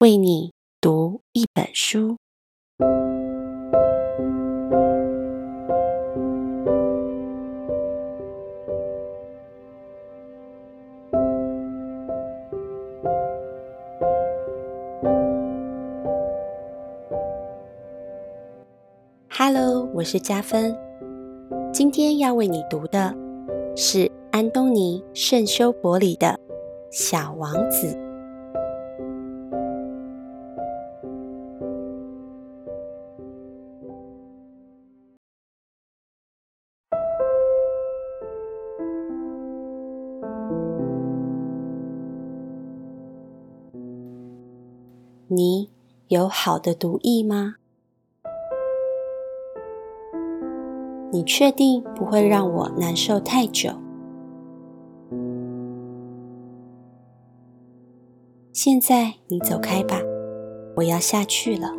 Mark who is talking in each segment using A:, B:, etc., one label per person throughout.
A: 為你讀一本書。Hello，我是家芬。今天要為你讀的是安東尼·聖修伯里的《小王子》。你有好的毒液嗎？你確定不會讓我難受太久？現在你走開吧，我要下去了。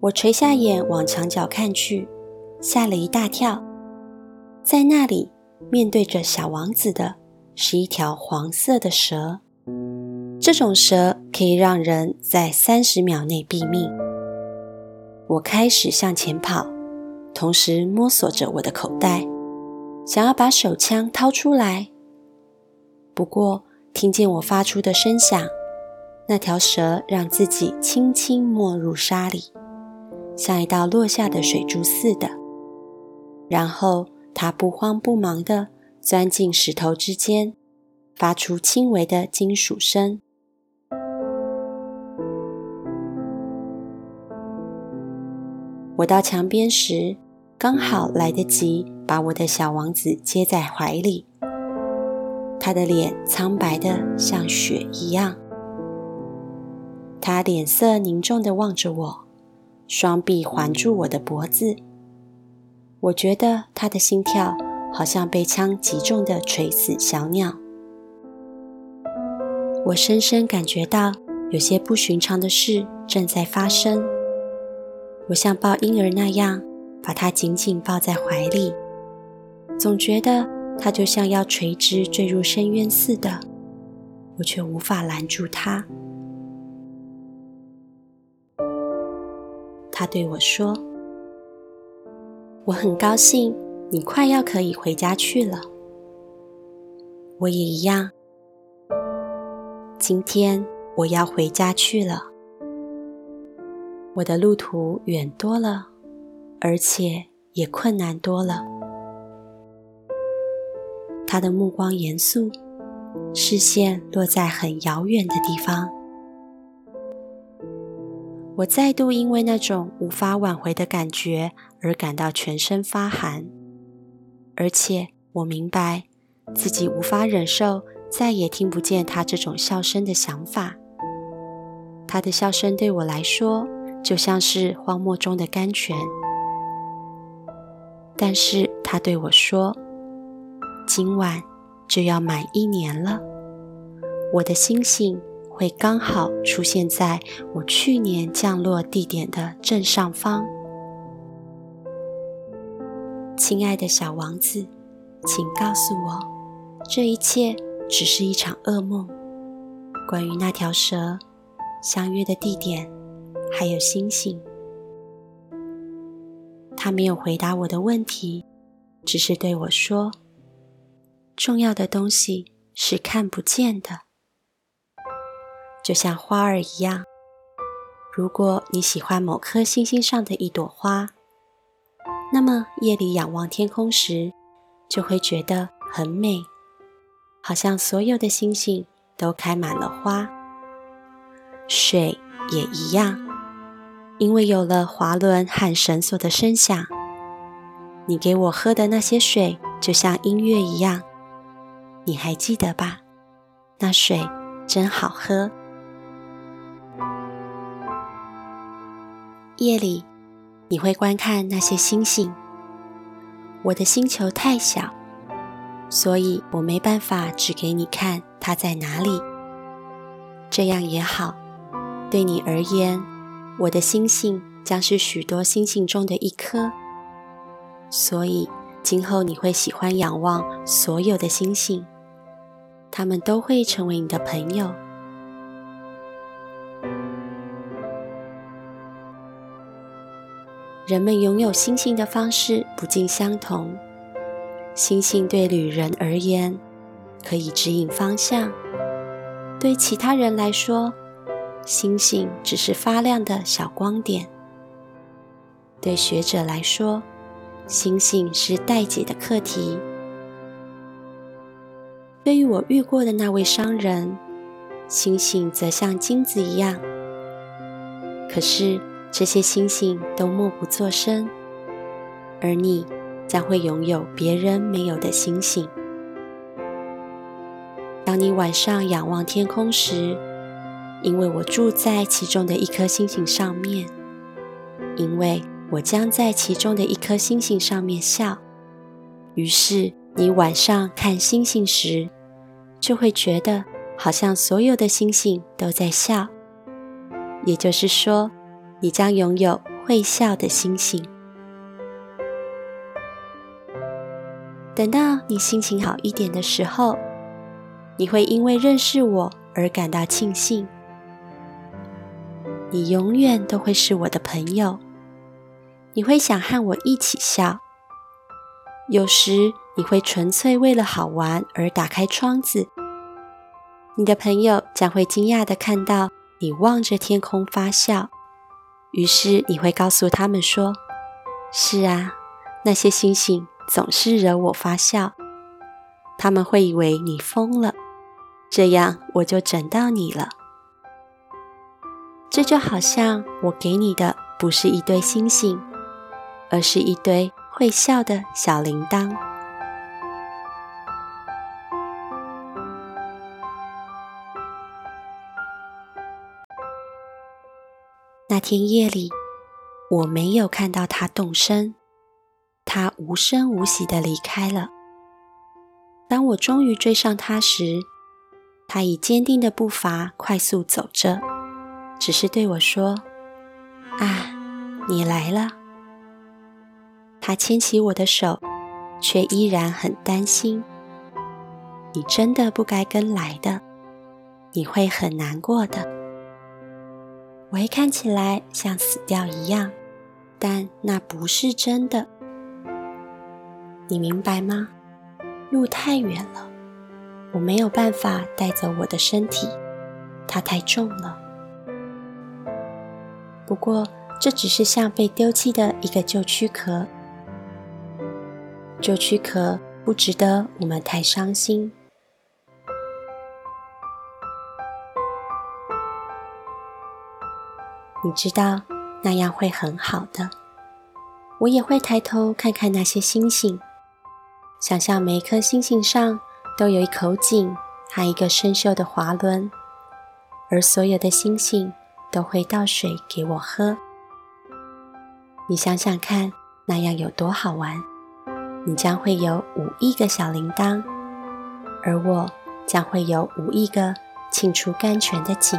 A: 我垂下眼往牆角看去，嚇了一大跳，在那裡。面對着小王子的是一條黃色的蛇，這種蛇可以讓人在三十秒內斃命。我開始向前跑，同時摸索着我的口袋，想要把手槍掏出來。不過，聽見我發出的聲響，那條蛇讓自己輕輕沒入沙裡，像一道落下的水珠似的。然後。他不慌不忙地鑽進石頭之間，發出輕微的金屬聲。我到牆邊時，剛好來得及把我的小王子接在懷裡。他的臉蒼白的像雪一樣，他臉色凝重的望着我，雙臂環住我的脖子。我覺得他的心跳好像被槍擊中的垂死小鳥。我深深感覺到有些不尋常的事正在發生。我像抱嬰兒那樣把他緊緊抱在懷裡，總覺得他就像要垂直墜入深淵似的，我却無法攔住他。他對我說。我很高興，你快要可以回家去了。我也一樣。今天我要回家去了。我的路途遠多了，而且也困難多了。他的目光嚴肅，視線落在很遙遠的地方。我再度因為那種無法挽回的感覺而感到全身發寒，而且我明白自己無法忍受再也聽不見他這種笑聲的想法。他的笑聲對我來說就像是荒漠中的甘泉，但是他對我說：“今晚就要滿一年了，我的星星。”會剛好出現在我去年降落地點的正上方，親愛的小王子，請告訴我，這一切只是一場噩夢？關於那條蛇、相約的地點，還有星星。他沒有回答我的問題，只是對我說：“重要的東西是看不見的。”就像花兒一樣。如果你喜歡某顆星星上的一朵花，那麼夜裡仰望天空時，就會覺得很美，好像所有的星星都開滿了花。水也一樣，因為有了滑輪和繩索的聲響，你給我喝的那些水就像音樂一樣。你還記得吧？那水真好喝。夜裡，你會觀看那些星星。我的星球太小，所以我沒辦法指給你看它在哪裡。這樣也好，對你而言，我的星星將是許多星星中的一顆。所以，今後你會喜歡仰望所有的星星，它們都會成為你的朋友。人們擁有星星的方式不盡相同。星星對旅人而言可以指引方向，對其他人來說，星星只是發亮的小光點；對學者來說，星星是待解的課題；對於我遇過的那位商人，星星則像金子一樣。可是。這些星星都默不作聲，而你將會擁有別人沒有的星星。當你晚上仰望天空時，因為我住在其中的一顆星星上面，因為我將在其中的一顆星星上面笑。於是你晚上看星星時，就會覺得好像所有的星星都在笑。也就是說。你將擁有會笑的星星。等到你心情好一點的時候，你會因為認識我而感到慶幸。你永遠都會是我的朋友。你會想和我一起笑。有時你會純粹為了好玩而打開窗子。你的朋友將會驚訝地看到你望着天空發笑。於是你會告訴他們說：“是啊，那些星星總是惹我發笑。”他們會以為你瘋了，這樣我就整到你了。這就好像我給你的不是一堆星星，而是一堆會笑的小鈴鐺。天夜裡，我沒有看到他動身，他無聲無息地離開了。當我終於追上他時，他以堅定的步伐快速走着，只是對我說：“啊，你來了。”他牽起我的手，卻依然很擔心：“你真的不該跟來的，你會很難過的。”我會看起來像死掉一樣，但那不是真的。你明白嗎？路太遠了，我沒有辦法帶走我的身體，它太重了。不過這只是像被丟棄的一個舊軀殼。舊軀殼不值得我們太傷心。你知道，那樣會很好的。我也會抬頭看看那些星星，想象每一顆星星上都有一口井和一個生鏽的滑輪，而所有的星星都會倒水給我喝。你想想看，那樣有多好玩？你將會有五億個小鈴鐺，而我將會有五億個沁出甘泉的井。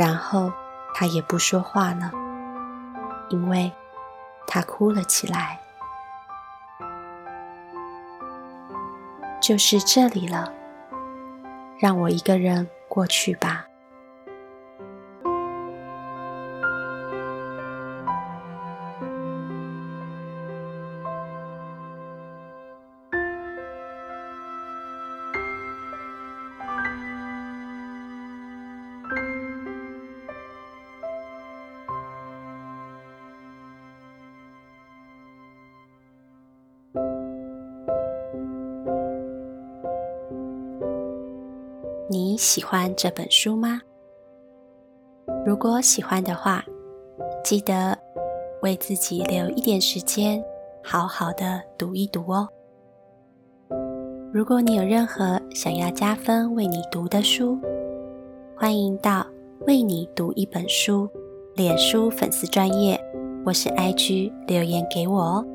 A: 然後，他也不說話了，因為他哭了起來。就是這裡了，讓我一個人過去吧。喜歡這本書嗎？如果喜歡的話，記得為自己留一點時間，好好的讀一讀哦。如果你有任何想要家芬為你讀的書，歡迎到為你讀一本書臉書粉絲專頁，或是 IG 留言給我哦。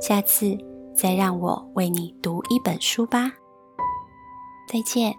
A: 下次再讓我為你讀一本書吧。再見。